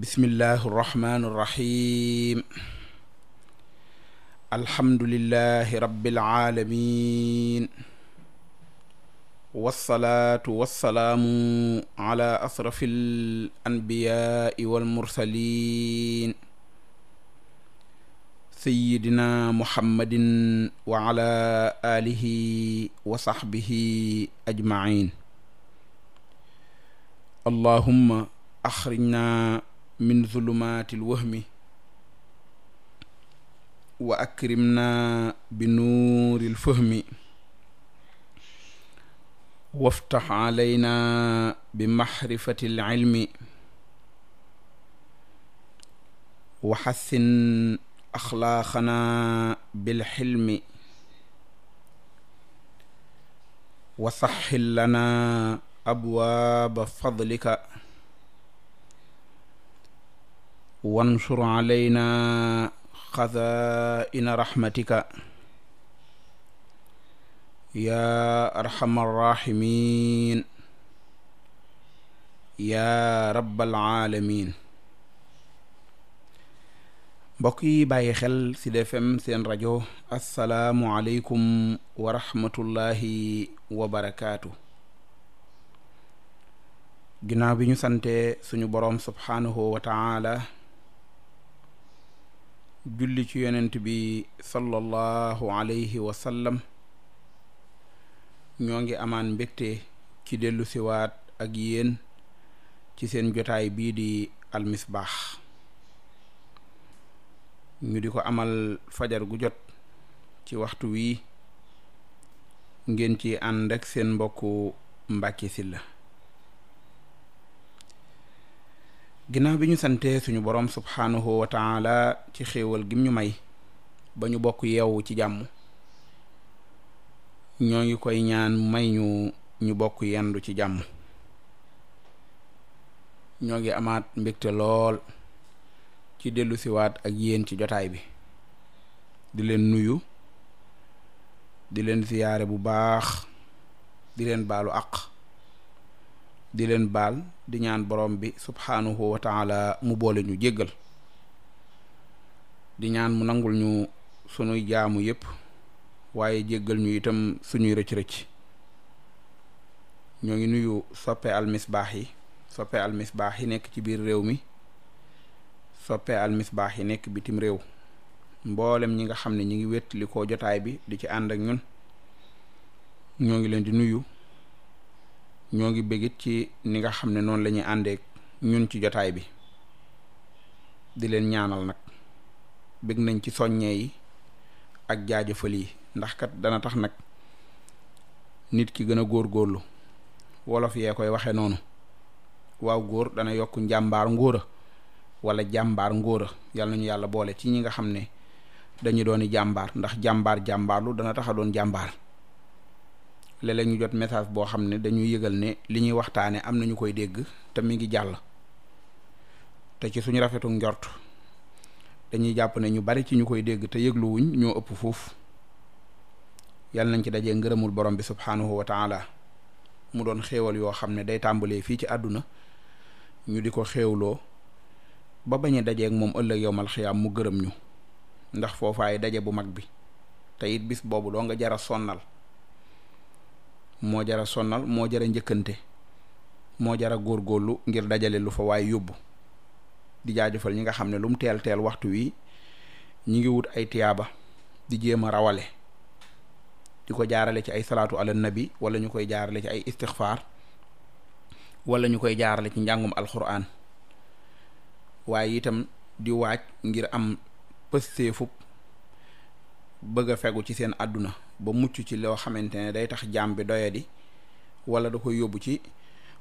bismillahi irrahmani irrahim alhamdulilahi rabilaalamin walsalaatu walsalaamu ala asrafi al anbiyaai walmursalin sayidina muhammadin wa ala alihi wa saxbihi ajmain allahumma axrijna min zulumaatil wahmi wa akrimna bi nuuril fahmi waftax alayna bi maxrifatil ilmi wa xassin axlaaqana bil xilmi wa saxxil lana abwaaba fadlika wansur alayna xazaa'ina raxmatika yaa arxama arraximin yaa rabbal alamin mbokk yi bàyyi xel ci Sud FM seen rajo assalaamu aleykum wa rahmatullahi ginnaaw bi ñu sante suñu boroom subhaanahu wa julli ci yonent bi sallallahu alayhi wa sallam ñoo ngi amaan mbégte ci dellu siwaat ak yéen ci seen jotaay bii di almisbaax ñu di ko amal fajar gu jot ci waxtu wii ngeen ci ànd ak seen mbokku Mbàkke Sylla ginnaaw bi ñu santee suñu borom subhaanahu wa taala ci xéewal gim ñu may ba ñu bokk yeewu ci jàmm ñoo ngi koy ñaan may ñu ñu bokk yendu ci jàmm ñoo ngi amaat mbégte lool ci dellu siwaat ak yéen ci jotaay bi di leen nuyu di leen siyaare bu baax di leen baalu àq di leen baal di ñaan boroom bi subhaanahu wa taala mu boole ñu jéggal di ñaan mu nangul ñu sunuy jaamu yépp waaye jéggal ñu itam suñuy rëcc-rëcc ñoo ngi nuyu soppee soppe almisbaax yi soppee al almisbaax yi nekk ci biir réew mi soppe almisbaax yi nekk bitim réew mboolem ñi nga xam ne ñi ngi wétli koo jotaay bi di ci ànd ak ñun ñoo ngi leen di nuyu ñoo ngi bégit ci ni nga xam ne noonu lañuy ñuy àndee ñun ci jotaay bi di leen ñaanal nag bég nañ ci soññee yi ak jaajëfal yi ndax kat dana tax nag nit ki gën a góorlu wolof yee koy waxe noonu waaw góor dana yokk njàmbaar ngóora wala jàmbaar ngóora yal nañu yàlla boole ci ñi nga xam ne dañu doon jàmbaar ndax jàmbaar jàmbaarlu dana tax a doon jàmbaar léeg ñu jot message boo xam ne dañuy yëgal ne li ñuy waxtaane am na ñu koy dégg te mi ngi jàll te ci suñu rafetu njort dañuy jàpp ne ñu bari ci ñu koy dégg te yëgluwuñ ñoo ëpp foofu yàlla nañ ci dajee ngërëmul borom bi subhaanahu wa taala mu doon xéewal yoo xam ne day tàmbalee fii ci àdduna ñu di ko xéewloo ba bañ a moom ëllëg yowmal xiyaam mu gërëm ñu ndax foofaay daje bu mag bi te it bis boobu doo nga jara sonnal moo jara sonnal moo jara njëkkante moo jara góorlu ngir dajale lu fa waaye yóbbu di jaajëfal ñi nga xam ne lu mu teel teel waxtu wi ñi ngi wut ay tiyaaba di jéem a rawale di ko jaarale ci ay salaatu ala nabi wala ñu koy jaarale ci ay istixfaar wala ñu koy jaarale ci njàngum alxuraan waaye itam di waaj ngir am pësteefub bëgg a fegu ci seen àdduna ba mucc ci loo xamante ne day tax jaam bi doyadi wala da koy yóbbu ci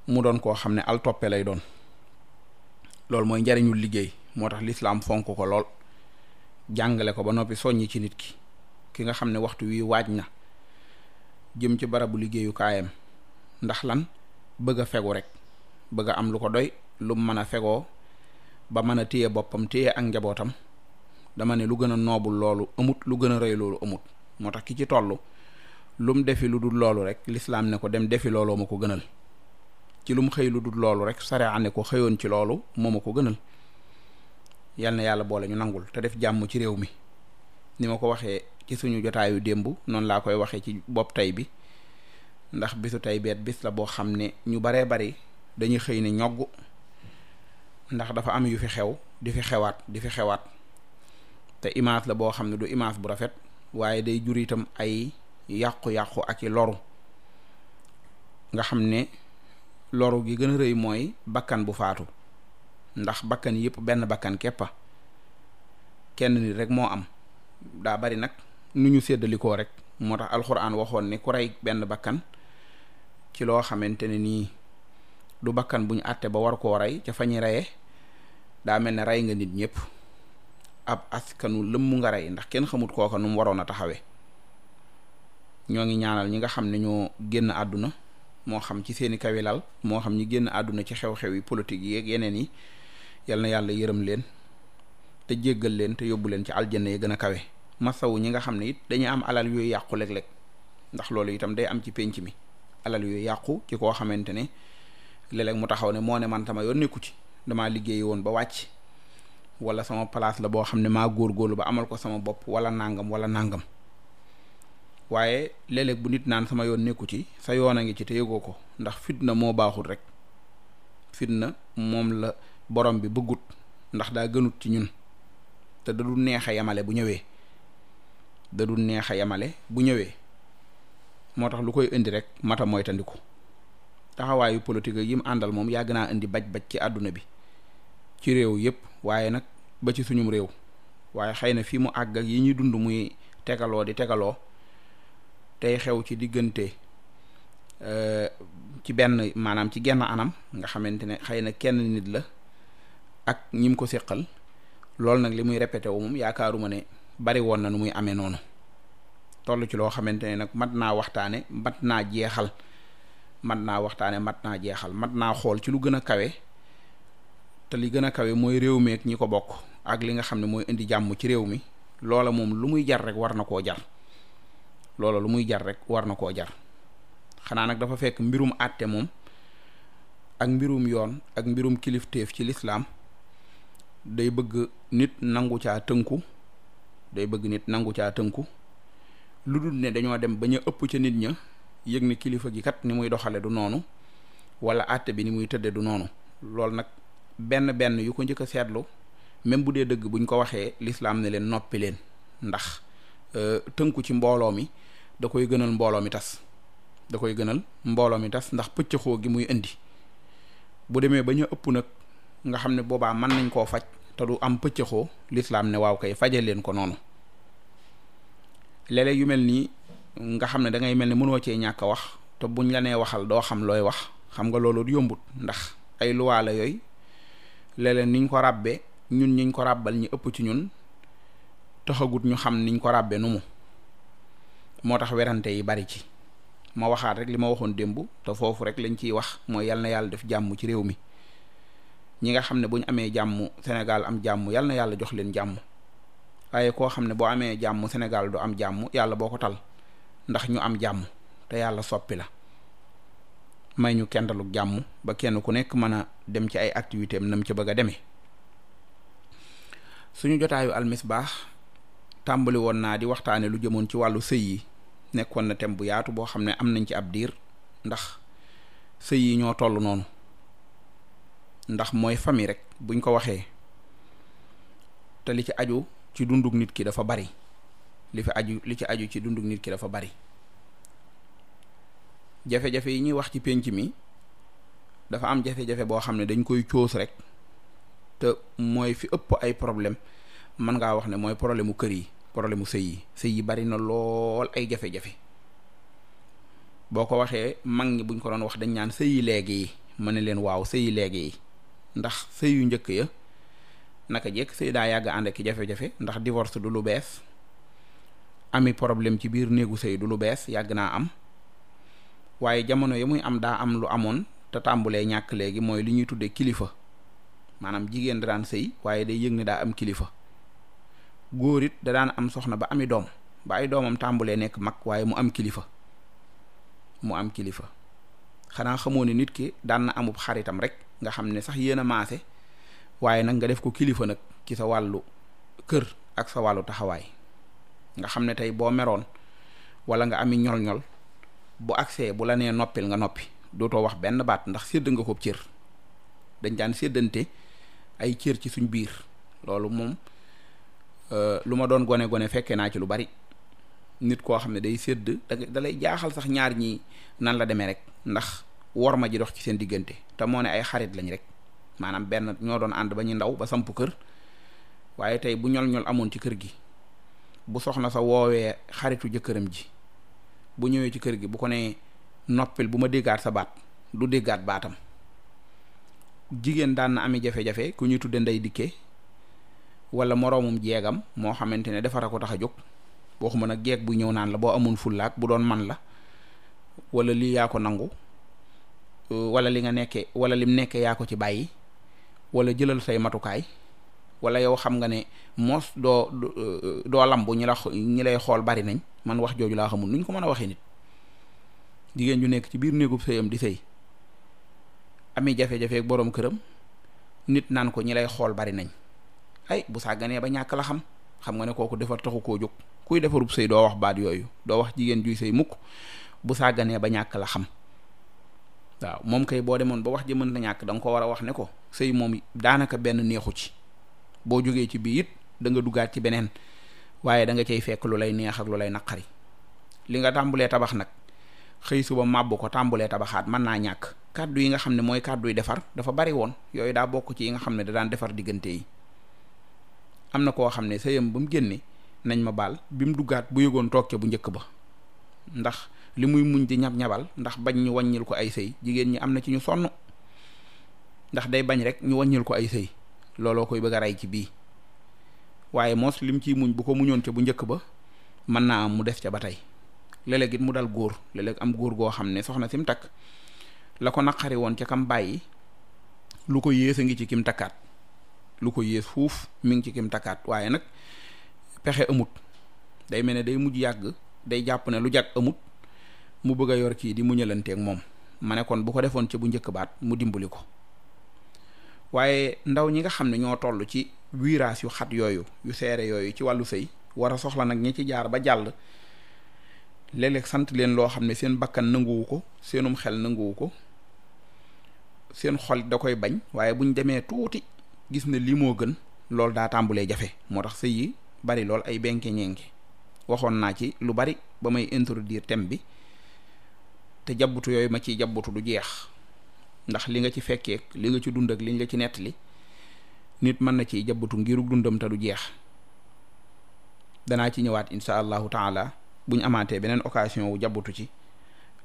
mu doon koo xam ne al toppe lay doon loolu mooy njariñu liggéey moo tax lislaam fonk ko lool jàngale ko ba noppi soññi ci nit ki ki nga xam ne waxtu wi waaj na jëm ci barabu liggéeyu kaayam ndax lan bëgg a fegu rek bëgg am lu ko doy lu mën a fegoo ba mën a téye boppam téye ak njabootam dama ne lu gën a noobul loolu amut lu gën a rëy loolu amut moo tax ki ci toll lu mu defi lu dul loolu rek lislaam ne ko dem defi looloo ma ko gënal ci lu xëy lu dul loolu rek sariya ne ko xëyoon ci loolu moo ma ko gënal yal na yàlla boole ñu nangul te def jàmm ci réew mi ni ma ko waxee ci suñu jotaayu démb noonu laa koy waxee ci bopp tey bi ndax bisu tey beet bis la boo xam ne ñu baree bari dañuy xëy ne ñogg ndax dafa am yu fi xew di fi xewaat di fi xewaat te image la boo xam ne du image bu rafet waaye day jur itam ay yàqu-yàqu ak i loru nga xam ne loru gi gën a rëy mooy bakkan bu faatu ndax bakkan yëpp benn bakkan keppa kenn nit rek moo am daa bari nag nu ñu séddalikoo rek moo tax alxuraan waxoon ne ku rey benn bakkan ci loo xamante ne nii du bakkan bu ñu àtte ba war koo rey ca fa ñu reye daa mel ne rey nga nit ñëpp ab askanu lëmm nga rey ndax kenn xamut kooka nu mu waroon a taxawee ñoo ngi ñaanal ñi nga xam ne ñoo génn àdduna moo xam ci seeni kawilal moo xam ñi génn àdduna ci xew-xew yi politique yi ak yeneen yi yal na yàlla yërëm leen te jéggal leen te yóbbu leen ci aljanna yi gën a kawe masawu ñi nga xam ne it dañuy am alal yuy yàqu léeg-léeg ndax loolu itam day am ci pénc mi alal yooyu yàqu ci koo xamante ne léeg mu taxaw ne moo ne man tama yoon nekku ci damaa wala sama place la boo xam ne maa góor góorgóorlu ba amal ko sama bopp wala nàngam wala nàngam waaye léeg bu nit naan sama yoon nekku ci sa yoon a ngi ci te yëgoo ko ndax fitna moo baaxul rek fitna moom la borom bi bëggut ndax daa gënut ci ñun te da du neex a yamale bu ñëwee da du neex a yamale bu ñëwee moo tax lu koy indi rek mata moytandiku taxawaayu politique yi mu àndal moom yàgg naa indi baj-baj ci àdduna bi ci réew yépp waaye nag ba ci suñum réew waaye xëy na fii mu àgg yi ñuy dund muy tegaloo di tegaloo tey xew ci diggante euh, ci benn maanaam ci genn anam nga xamante ne xëy na kenn nit la ak ñim ko séqal loolu nag li muy répété wu moom yaakaaruma ne bari woon na nu muy amee noonu toll ci loo xamante ne nag mat naa waxtaane mat naa jeexal mat naa waxtaane mat naa jeexal mat naa xool ci lu gën a kawe te li gën a kawe mooy réew mi ak ñi ko bokk ak li nga xam ne mooy indi jàmm ci réew mi loola moom lu muy jar rek war na koo jar loola lu muy jar rek war na koo jar xanaa nag dafa fekk mbirum àtte moom ak mbirum yoon ak mbirum kilifteef ci lislaam day bëgg nit nangu caa tënku day bëgg nit nangu caa tënku lu dul ne dañoo dem ba ñu ëpp ca nit ña yëg ne kilifa gi kat ni muy doxale du noonu wala àtte bi ni muy tëdde du noonu loolu nag benn benn yu ko njëkk a seetlu même bu dee dëgg buñ ko waxee lislaam ne leen noppi leen ndax euh, tënku ci mbooloo mi da koy gënal mbooloo mi tas da koy gënal mbooloo mi tas ndax pëccëxoo gi muy indi bu demee ba ñu ëpp nag nga xam ne boobaa mën nañ koo faj te du am pëccëxoo lislaam ne waaw kay faje leen ko noonu léeg yu mel nii nga xam ne dangay mel ne mënoo cee ñàkk a wax te buñ la nee waxal doo xam looy wax xam nga loolu yombut ndax ay luwaa la yooyu léeg niñ ko ràbbee ñun ñiñ ko ràbbal ñu ëpp ci ñun taxagut ñu xam niñ ko ràbbee nu mu moo tax werante yi bari ci ma waxaat rek li ma waxoon démb te foofu rek lañ ciy wax mooy yal na yàlla def jàmm ci réew mi ñi nga xam ne bu ñu amee jàmm Sénégal am jàmm yal na yàlla jox leen jàmm waaye koo xam ne boo amee jàmm Sénégal du am jàmm yàlla boo ko tal ndax ñu am jàmm te yàlla soppi la may ñu kendalu jàmm ba kenn ku nekk mën a dem ci ay activité am nam ci bëgg a demee suñu jotaayu almisbaax tàmbali woon naa di waxtaane lu jëmoon ci wàllu sëy yi nekkoon na thème bu yaatu boo xam ne am nañ ci ab diir ndax sëy yi ñoo toll noonu ndax mooy famille rek buñ ko waxee te li ci aju ci dundug nit ki dafa bari li fi aju li ci aju ci dundug nit ki dafa bari jafe-jafe yi ñuy wax ci pénc mi dafa am jafe-jafe boo xam ne dañ koy coos rek te mooy fi ëpp ay problème mën ngaa wax ne mooy problème mu kër yi problème mu sëy yi sëy yi bari na lool ay jafe-jafe boo ko waxee mag ñi buñ ko doon wax dañ naan sëy yi léegi yi ma ne leen waaw sëy yi léegi yi ndax sëy yu njëkk ya naka jekk sëy daa yàgg ànd ak jafe-jafe ndax divorce du lu bees ami problème ci biir néegu sëy du lu bees yàgg naa am waaye jamono yi muy am daa am lu amoon te tàmbulee ñàkk léegi mooy li ñuy tuddee kilifa maanaam jigéen da daan sëy waaye day yëg ne daa am kilifa góor it da daan am soxna ba ami doom ba ay doomam tàmbulee nekk mag waaye mu am kilifa mu am kilifa xanaa xamoo ne nit ki daan na amub xaritam rek nga xam ne sax yéen a maase waaye nag nga def ko kilifa nag ci sa wàllu kër ak sa wàllu taxawaay nga xam ne tey boo meroon wala nga ami ñol-ñol bu agsee bu la nee noppil nga noppi dootoo wax benn baat ndax sédd nga ko cër dañ daan séddante ay cër ci suñ biir loolu moom euh, lu ma doon gone gone fekkee naa ci lu bari nit koo xam ne day sédd da jaaxal sax ñaar ñi nan la demee rek ndax wor ma ji dox ci seen diggante te moo ne ay xarit lañ rek maanaam benn ñoo doon ànd ba ñu ndaw ba sampu kër waaye tey bu ñol ñol amoon ci kër gi bu soxna sa woowee xaritu jëkkëram ji bu ñëwee ci kër gi bu ko nee noppil bu ma déggaat sa baat du déggaat baatam jigéen daan na ami jafe-jafe ku ñuy tudde nday dikke wala moroomum jeegam moo xamante ne defara ko tax a jóg waxuma nag jeeg bu ñëw naan la boo amoon fullaak bu doon man la wala lii yaa ko nangu wala li nga nekkee wala lim nekke yaa ko ci bàyyi wala jëlal say matukaay wala yow xam nga ne moos doo doo lambu ñi la ñi lay xool bari nañ man wax jooju laa xamul nuñ ko mën a waxee nit jigéen ju nekk ci biir néegub sëyam di sëy ami jafe-jafeeg boroom këram nit naan ko ñi lay xool bari nañ ay bu sàgganee ba ñàkk la xam xam nga ne kooku defar taxu koo jóg kuy defarub sëy doo wax baat yooyu doo wax jigéen juy sëy mukk bu sàgganee ba ñàkk la xam waaw moom kay boo demoon ba wax ji na ñàkk danga ko war a wax ne ko sëy moom daanaka benn neexu ci boo jógee ci bii it da nga duggaat ci beneen waaye da nga cay fekk lu lay neex ak lu lay naqari li nga tàmbulee tabax nag xëy suba màbb ko tàmbulee tabaxaat mën naa ñàkk kàddu yi nga xam ne mooy kàddu yi defar dafa bari woon yooyu daa bokk ci yi nga xam ne da daan defar diggante yi am na koo xam ne sëyam ba mu génne nañ ma baal bi mu duggaat bu yëgoon toog ca bu njëkk ba ndax li muy muñ di ñab-ñabal ndax bañ ñu wàññil ko ay sëy jigéen ñi am na ci ñu sonn ndax day bañ rek ñu wàññil ko ay sëy looloo koy bëgg a rey ci bii waaye moos lim ciy muñ bu ko muñoon ca bu njëkk ba mën naa am mu def ca ba tey léeg it mu dal góor léeg-léeg am góor goo xam ne soxna sim takk la ko naqari woon ca kam bàyyi lu ko yées a ngi ci kim takkaat lu ko yées fuuf mi ngi ci kim takkaat waaye nag pexe amut day mel ne day mujj yàgg day jàpp ne lu jag amut mu bëgg a yor kii di mu ñëlanteek moom ma ne kon bu ko defoon ca bu njëkk baat mu dimbali ko waaye ndaw ñi nga xam ne ñoo toll ci virage yu xat yooyu yu seere yooyu ci wàllu sëy war a soxla nag ñi ci jaar ba jàll léeg sant leen loo xam ne seen bakkan nanguwu ko seenum xel nanguwu ko seen xol da koy bañ waaye buñ demee tuuti gis ne lii moo gën loolu daa tàmbulee jafe moo tax sëy yi bari lool ay benke ñenke waxoon naa ci lu bari ba may introduire thème bi te jabbutu yooyu ma ciy jabbutu du jeex ndax li nga ci fekkee li nga ci dund ak liñ la ci nettali nit mën na ciy jabbatu ngirug dundam te du jeex danaa ci ñëwaat insha allahu taala buñ amaatee beneen occasion wu jabbatu ci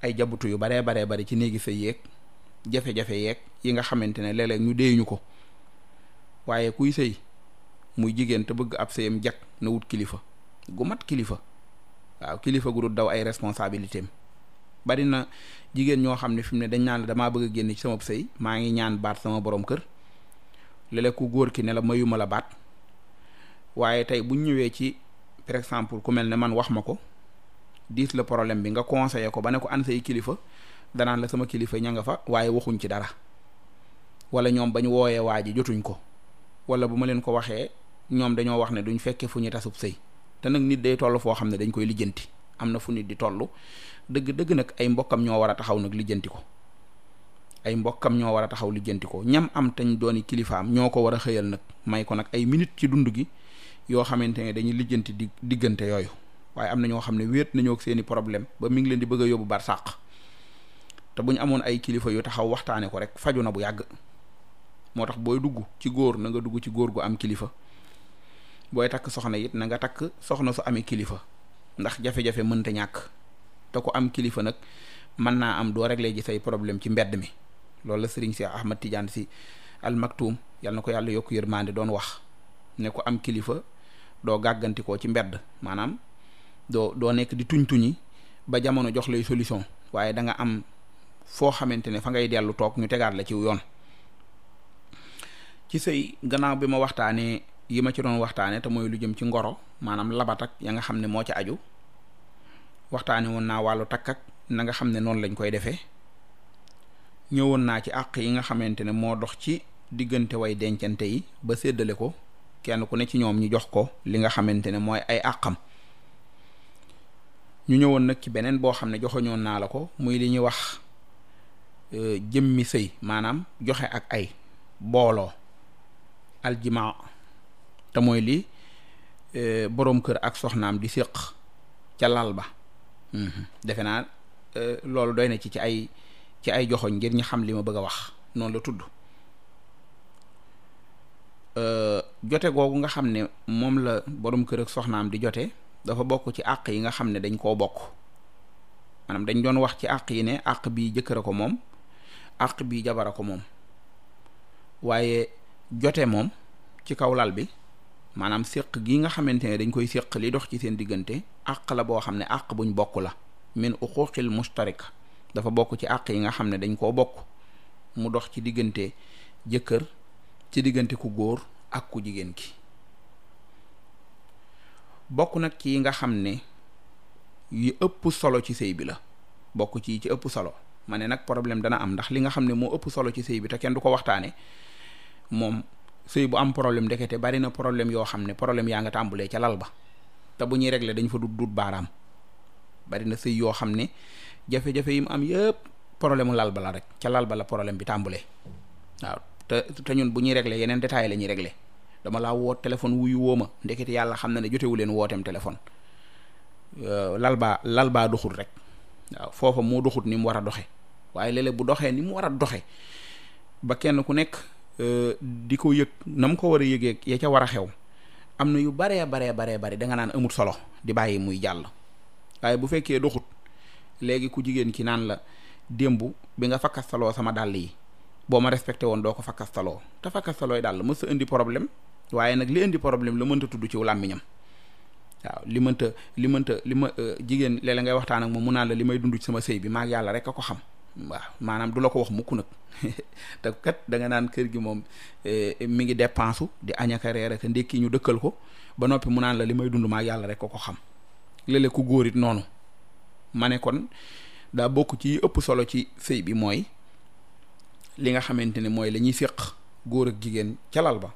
ay jabbatu yu baree baree bari ci néegi sa yéeg jafe-jafe yeeg yi nga xamante ne léeg-léeg ñu ko waaye kuy sëy muy jigéen te bëgg ab sëyam jag na wut kilifa gu mat kilifa waaw kilifa gu dul daw ay responsabilité bari na jigéen ñoo xam ne fi mu ne dañ naan la damaa bëgg a génn ci sama sëy maa ngi ñaan baat sama borom kër léeg ku góor ki ne la mayuma la baat waaye tey buñ ñëwee ci par exemple ku mel ne man wax ma ko diis la problème bi nga conseillé ko ba ne ko an say kilifa danaan la sama kilifa ña nga fa waaye waxuñ ci dara wala ñoom ba ñu wooyee waa ji jotuñ ko wala bu ma leen ko waxee ñoom dañoo wax ne duñ fekkee fu ñu tasub sëy te nag nit day toll foo xam ne dañ koy lijjanti am na fu nit di toll dëgg-dëgg nag ay mbokkam ñoo war a taxaw nag lijjanti ko ay mbokkam ñoo war a taxaw lijjanti ko ñam am tañ dooni kilifaam ñoo ko war a xëyal nag may ko nag ay minute ci dund gi yoo xamante ne dañuy lijjanti di diggante yooyu waaye am na ñoo xam ne wéet nañoo ak seeni problème ba mi ngi leen di bëgg yóbbu bar sàq te bu ñu amoon ay kilifa yu taxaw waxtaane ko rek faju na bu yàgg moo tax booy dugg ci góor na nga dugg ci góor gu am kilifa booy takk soxna it na nga takk soxna su amee kilifa ndax jafe-jafe mënta ñàkk te ko am kilifa nag mën naa am doo réglé ji say problème ci mbedd mi loolu la sëriñ si Ahmad Tidiane si al maktuum yal na ko yàlla yokk yërmande doon wax ne ko am kilifa doo gàggantikoo ci mbedd maanaam doo nekk di tuñ tuñi ba jamono jox lay solution waaye da nga am foo xamante ne fa ngay dellu toog ñu tegaat la ci yoon ci say gannaaw bi ma waxtaanee yi ma ci doon waxtaanee te mooy lu jëm ci ngoro maanaam labat ak ya nga xam ne moo ci aju. waxtaane woon naa wàllu takk ak na nga xam ne noonu lañ koy defee ñëwoon naa ci àq yi nga xamante ne moo dox ci diggante way dencante yi ba séddale ko kenn ku ne ci ñoom ñu jox ko li nga xamante ne mooy ay àqam ñu ñëwoon nag ci beneen boo xam ne joxoñoon naa la ko muy li ñuy wax euh, jëmmi sëy maanaam joxe ak ay booloo aljima te mooy li euh, boroom kër ak soxnaam di séq ca lal ba Mm-hmm. defe naa euh, loolu doy na ci ci ay ci ay joxoñ ngir ñu xam li ma bëgg a wax noonu la tudd euh, jote googu nga xam ne moom la borom kër ak soxnaam di jote dafa bokk ci àq yi nga xam ne dañ koo bokk maanaam dañ doon wax ci àq yi ne àq bii jëkkër a ko moom àq bii jabar a ko moom waaye jote moom ci kaw lal bi maanaam séq gii nga xamante ne dañ koy séq li dox ci seen diggante àq la boo xam ne àq buñ bokk la min uquqil mustarika dafa bokk ci àq yi nga xam ne dañ koo bokk mu dox ci diggante jëkkër ci diggante ku góor ak ku jigéen ki bokk nag ci yi nga xam ne yi ëpp solo ci sëy bi la bokk ci ci ëpp solo ma ne nag problème dana am ndax li nga xam ne moo ëpp solo ci sëy bi te kenn du ko waxtaane moom sëy bu am problème ndekete bari na problème yoo xam ne problème yaa nga tàmbulee ca lal ba te bu ñuy régler dañ fa dut dut baaraam bari na sëy yoo xam ne jafe-jafe yi mu am yëpp problème mu lal ba la rek ca lal ba la problème bi tàmbulee waaw te te ñun bu ñuy régler yeneen détail la ñuy régler dama laa woot téléphone wuyu woo ma ndekete yàlla xam na ne jotewu leen wooteem téléphone lal baa lal baa doxut rek waaw foofa moo doxut ni mu war a doxe waaye léeg bu doxee ni mu a doxe Euh, di ko yëg na mu ko war a yëgeek ya ca war a xew am na yu baree baree bare bari da nga naan amut solo di bàyyi muy jàll waaye bu fekkee doxut léegi ku jigéen ci naan la démb bi nga fakkastaloo sama dàll yi boo ma respecté woon doo ko fakkastaloo te fakkastalooy dàll mës sa indi problème waaye nag li indi problème la mënta tudd ci wu làmmiñam waaw li mënta li mënta li ma euh, jigéen léeg-léeg ngay waxtaan ak moom mu naan la li may dund ci sama sëy bi maag yàlla rek a ko xam waaw maanaam du la ko wax mukk nag te kat danga naan kër gi moom eh, mi ngi dépensu di añaka reer ak ndékki ñu dëkkal ko ba noppi mu naan la li may dund yàlla rek ko ko xam léeg-léeg góor it noonu ma ne daa bokk ci ëpp solo ci sëy bi mooy li nga xamante ne mooy la ñuy séq góor ak jigéen ca ba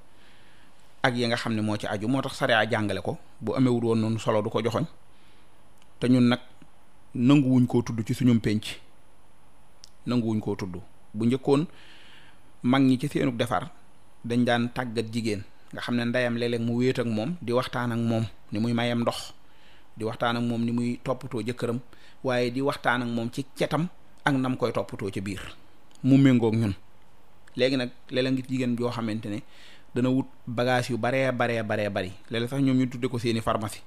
ak yi nga xam ne moo ci aju moo tax sariya jàngale ko bu amewul woon noonu solo du ko joxoñ te ñun nag nanguwuñ koo tudd ci suñum pénc nanguwuñ koo tudd bu njëkkoon mag ñi ci seenu defar dañ daan tàggat jigéen nga xam ne ndeyam léeg mu wéet ak moom di waxtaan ak moom ni muy mayam ndox di waxtaan ak moom ni muy toppatoo jëkkëram waaye di waxtaan ak moom ci cetam ak nam koy toppatoo ca biir mu méngoog ñun léegi nag léeg ngi jigéen joo xamante ne dana wut bagage yu baree baree baree bari léeg sax ñoom ñu tudde ko seeni pharmacie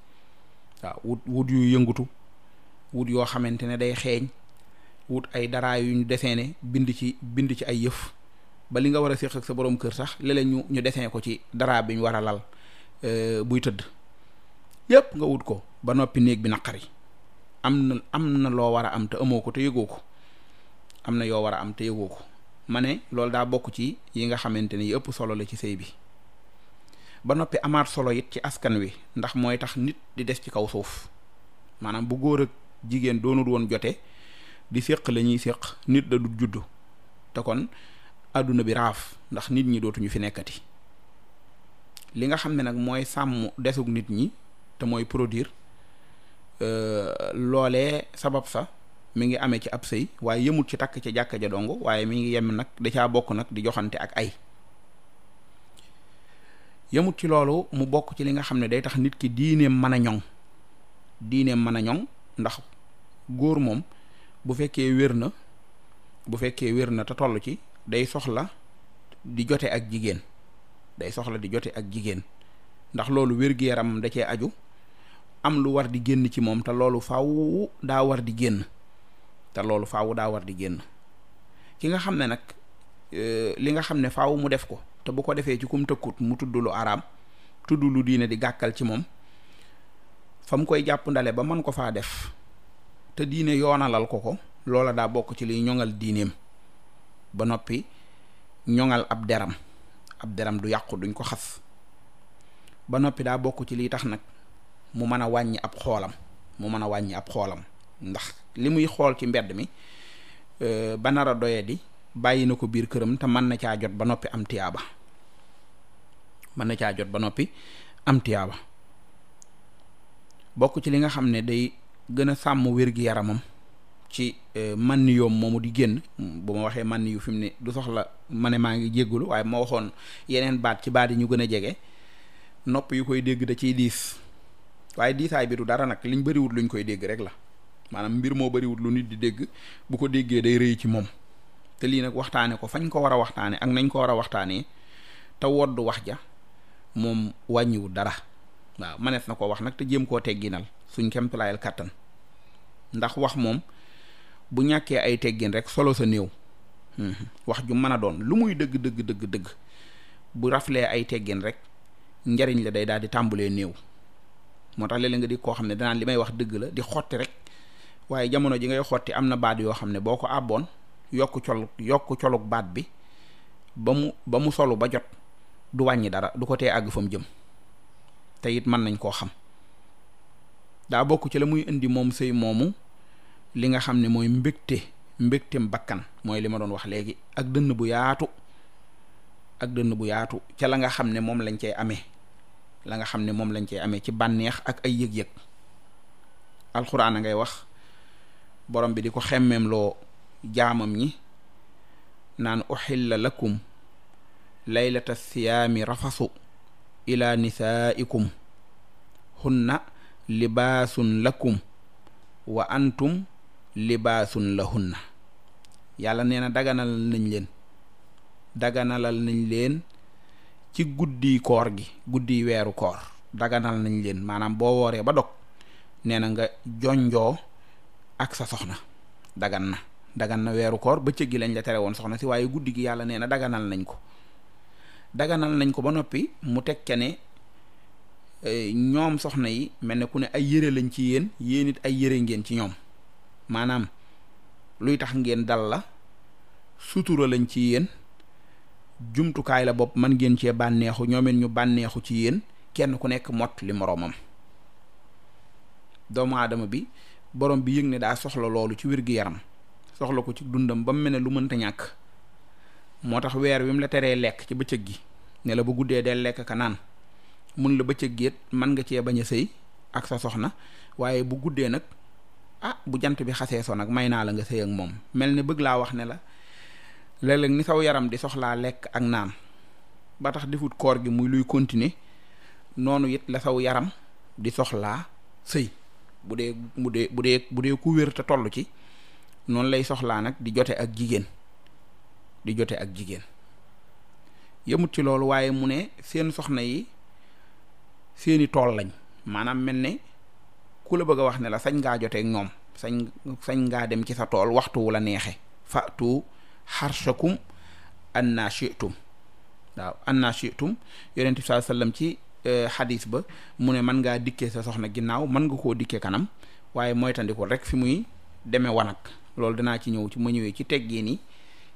waaw wut wut yu yëngutu wut yoo xamante ne day xeeñ wut ay daraa yu ñu dessiné bind ci bind ci ay yëf ba li nga war a séq ak sa boroom kër sax léeg ñu ñu dessiné ko ci daraa bi ñu war a lal euh, buy tëdd yëpp nga wut ko ba noppi néeg bi naqari am na am na loo war a am te amoo ko te yëgoo ko am na yoo war a am te yëgoo ko ma ne loolu daa bokk ci yi nga xamante ni yi ëpp solo la ci sëy bi ba noppi amaat solo yit ci askan wi ndax mooy tax nit di des ci kaw suuf maanaam bu góor ak jigéen doonul woon jote di séq la ñuy séq nit da du juddu te kon àdduna bi raaf ndax nit ñi dootuñu fi nekkati li nga xam ne nag mooy sàmm desug nit ñi te mooy produire euh, loolee sabab sa mu ngi amee ci ab sëy waaye yëmut ci takk ci jàkka ja dong waaye mi ngi yem nag da caa bokk nag di joxante ak ay yëmut ci loolu mu bokk ci li nga xam ne day tax nit ki diineem mën a ñoŋ diineem mën a ñoŋ ndax góor moom bu fekkee wér na bu fekkee wér na te toll ci day soxla di jote ak jigéen day soxla di jote ak jigéen ndax loolu wér-gu-yaramam da cee aju am lu war di génn ci moom te loolu faw daa war di génn te loolu faaw daa war di génn ki nga xam ne nag euh, li nga xam ne faw mu def ko te bu ko defee ci kum tëkkut mu tudd lu araam tudd lu diine di gàkkal ci moom fa mu koy jàpp ndale ba mën ko faa def te diine yoonalal ko ko loola daa bokk ci liy ñoŋal diineem ba noppi ñoŋal ab deram ab deram du yàqu duñ ko xas ba noppi daa bokk ci liy tax nag mu mën a wàññi ab xoolam mu mën a wàññi ab xoolam ndax li muy xool ci mbedd mi euh, ba nar a doye di bàyyi na ko biir këram te mën na caa jot ba noppi am mën na caa jot ba noppi am tiyaaba bokk ci li nga xam ne day gën a sàmm wér-gi-yaramam ci euh, man yoom moomu di génn bu ma waxee man yu fi mu ne du soxla ma ne maa ngi jéggulu waaye ma waxoon yeneen baat ci baat yi ñu gën a jege nopp yu koy dégg da ciy diis waaye diisaay bi du dara nag liñ bëriwut luñ koy dégg rek la maanaam mbir moo bëriwut lu nit di dégg bu ko déggee day rëy ci moom te lii nag waxtaane ko fañ ko war a waxtaane ak nañ ko war a waxtaanee te wodd wax ja moom wàññiwut dara waaw manees na ko wax nag te jéem koo tegginal suñ kemtulaayal kàttan ndax wax moom bu ñàkkee ay teggin rek solo sa néew mhm. wax ju mën a doon lu muy dëgg dëgg dëgg dëgg bu raflee ay teggin rek njariñ la day daal di tàmbalee néew moo tax léeg-léeg nga di koo xam ne danaan li may wax dëgg la di xotti rek waaye jamono ji ngay xotti am na baat yoo xam ne boo ko àbboon yokk col yokk colug baat bi ba mu ba mu solu ba jot du wàññi dara du ko tee àgg fa mu jëm te it mën nañ koo xam daa bokk ci la muy indi moom sëy moomu li nga xam ne mooy mbégte mbégtem bakkan mooy li ma doon wax léegi ak dënn bu yaatu ak dënn bu yaatu ca la nga xam ne moom lañ cay ame la nga xam ne moom lañ cay amee ci bànneex ak ay yëg-yëg alxuraan a ngay wax borom bi di ko xemmeem loo jaamam ñi naan uxilla lakum laylata siyaami rafasu ila nisaaikum hunna libaasun lakkum wa antum libaasun na yàlla nee na daganalal nañ leen daganalal nañ leen ci guddi koor gi guddi weeru koor daganal nañ leen maanaam boo wooree ba dog nee na nga jonjoo ak sa soxna dagan na dagan na weeru koor bëccëg gi lañ la tere woon soxna si waaye guddi gi yàlla nee na daganal nañ ko daganal nañ ko ba noppi mu teg ca ñoom soxna yi mel ne ku ne ay yére lañ ci yéen yéen it ay yére ngeen ci ñoom maanaam luy tax ngeen dal la sutura lañ ci yéen jumtukaay la bopp man ngeen cee bànneexu ñoomeen ñu bànneexu ci yéen kenn ku nekk mott li moroomam doomu aadama bi borom bi yëg ne daa soxla loolu ci wér gu yaram soxla ko ci dundam ba mu mel ne lu mënta ñàkk moo tax weer wi mu la teree lekk ci bëccëg gi ne la bu guddee dee lekk ka naan mun la bëccëg géet man nga cee bañ a sëy ak sa soxna waaye bu guddee nag ah bu jant bi xasee soo nag may naa la nga sëy ak moom mel ni bëgg laa wax ne la léeg ni saw yaram di soxlaa lekk ak naan ba tax defut koor gi muy luy continuer noonu it la saw yaram di soxlaa sëy bu dee bu dee bu dee bu dee ku wér te toll ci noonu lay soxlaa nag di jote ak jigéen di jote ak jigéen yëmut ci loolu waaye mu ne seen soxna yi seeni tool lañ maanaam mel ne ku la bëgg wax ne la sañ ngaa joteeg ñoom sañ sañ ngaa dem ci sa tool waxtu wu la neexe fatu xarsakum anna shi'tum waaw anna shi'tum yonent bi sallallahu alayhi eh, ba mu ne mën ngaa dikkee sa soxna ginnaaw mën nga koo dikkee kanam waaye mooy tandikul rek fi muy demee wanag loolu dinaa ci ñëw ci ma ñëwee ci teggee ni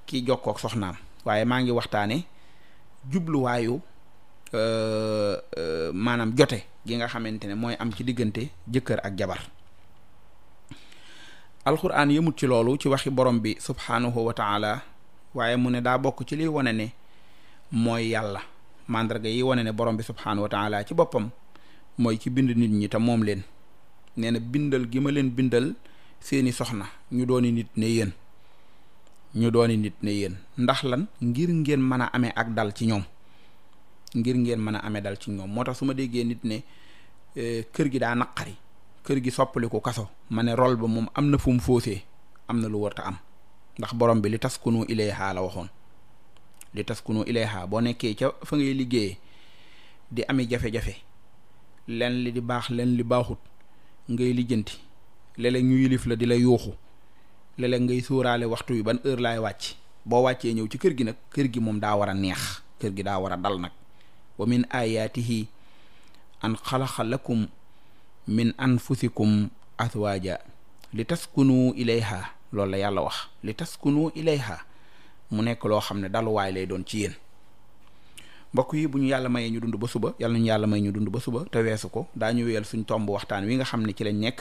kii jokkook soxnaam waaye maa ngi waxtaane jubluwaayu Euh, euh, maanaam jote gi nga xamante ne mooy am ci diggante jëkkër ak jabar alxuraan yëmut ci loolu ci waxi borom bi subhaanahu wa taala waaye mu ne daa bokk ci liy wane ne mooy yàlla màndarga yi wane ne borom bi subhaanahu wa taala ci boppam mooy ci bind nit ñi te moom leen neena bindal gi ma leen bindal seeni soxna ñu dooni nit ne yéen ñu dooni nit ne yeen ndax lan ngir ngeen mën a amee ak dal ci ñoom ngir ngeen mën a amee dal ci ñoom moo tax su ma déggee nit ne euh, kër gi daa naqari kër gi soppaliku kaso ma ne rol ba moom am na fu mu foosee am na lu warta am ndax borom bi li tas taskunu ilayha la waxoon li taskunu ilayha boo nekkee ca fa ngay liggéeyee di ami jafe-jafe len li di baax len li baaxut ngay lijjanti léeg ñu yilif la di la yuuxu léeg ngay sóoraale waxtu wi ban heure laay wàcc boo wàccee ñëw ci kër gi nag kër gi moom daa war a neex kër gi daa war a dal nag wa min ayaatihi an xalaqa lakum min anfusikum azwaaja li nu ilayha loolu la yàlla wax li nu ilayha mu nekk loo xam ne daluwaay lay doon ci yéen mbokk yi bu ñu yàlla mayee ñu dund ba suba yàlla ñu yàlla may ñu dund ba suba te weesu ko daañu wéyal suñ tomb waxtaan wi nga xam ne ci lañ nekk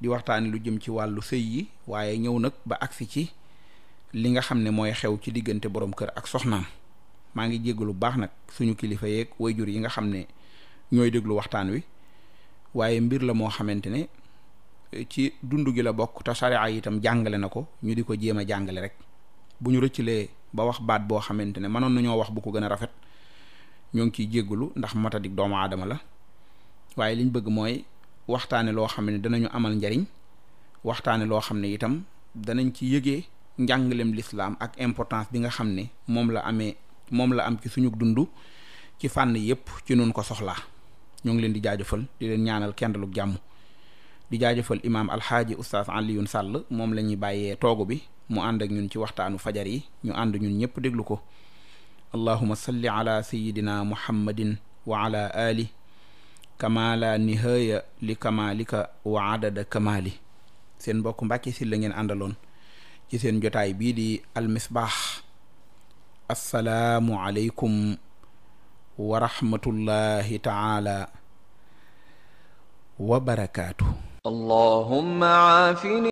di waxtaan lu jëm ci wàllu sëy yi waaye ñëw nag ba agsi ci li nga xam ne mooy xew ci diggante borom kër ak soxnaam maa ngi jéggalu baax nag suñu kilifa yeeg jur yi nga xam ne ñooy déglu waxtaan wi waaye mbir la moo xamante ne ci dund gi la bokk te sariya itam jàngale na ko ñu di ko jéem a jàngale rek bu ñu rëccilee ba wax baat boo xamante ne mënoon nañoo wax bu ko gën a rafet ñoo ngi ciy jéggalu ndax matadik doomu aadama la waaye liñ bëgg mooy waxtaane loo xam ne danañu amal njariñ waxtaane loo xam ne itam danañ ci yëge njàngalem lislaam ak importance bi nga xam ne moom la amee moom la am ci suñu dund ci fànn yépp ci nun ko soxla ñoo ngi leen di jaajëfal di leen ñaanal kendaluk jàmm di jaajëfal imaam alxaaji oustaz Alioune Sall moom la ñuy bàyyee toogu bi mu ànd ak ñun ci waxtaanu fajar yi ñu ànd ñun ñépp déglu ko allahuma salli ala sayidina muhammadin wa ala ali kama la li kamalika wa adada kamali seen mbokk Mbàkke Sylla la ngeen àndaloon ci seen jotaay bii di almisbaax assalaamu aleykum wa rahmatullahi taala wa barakaatu allahumma aafini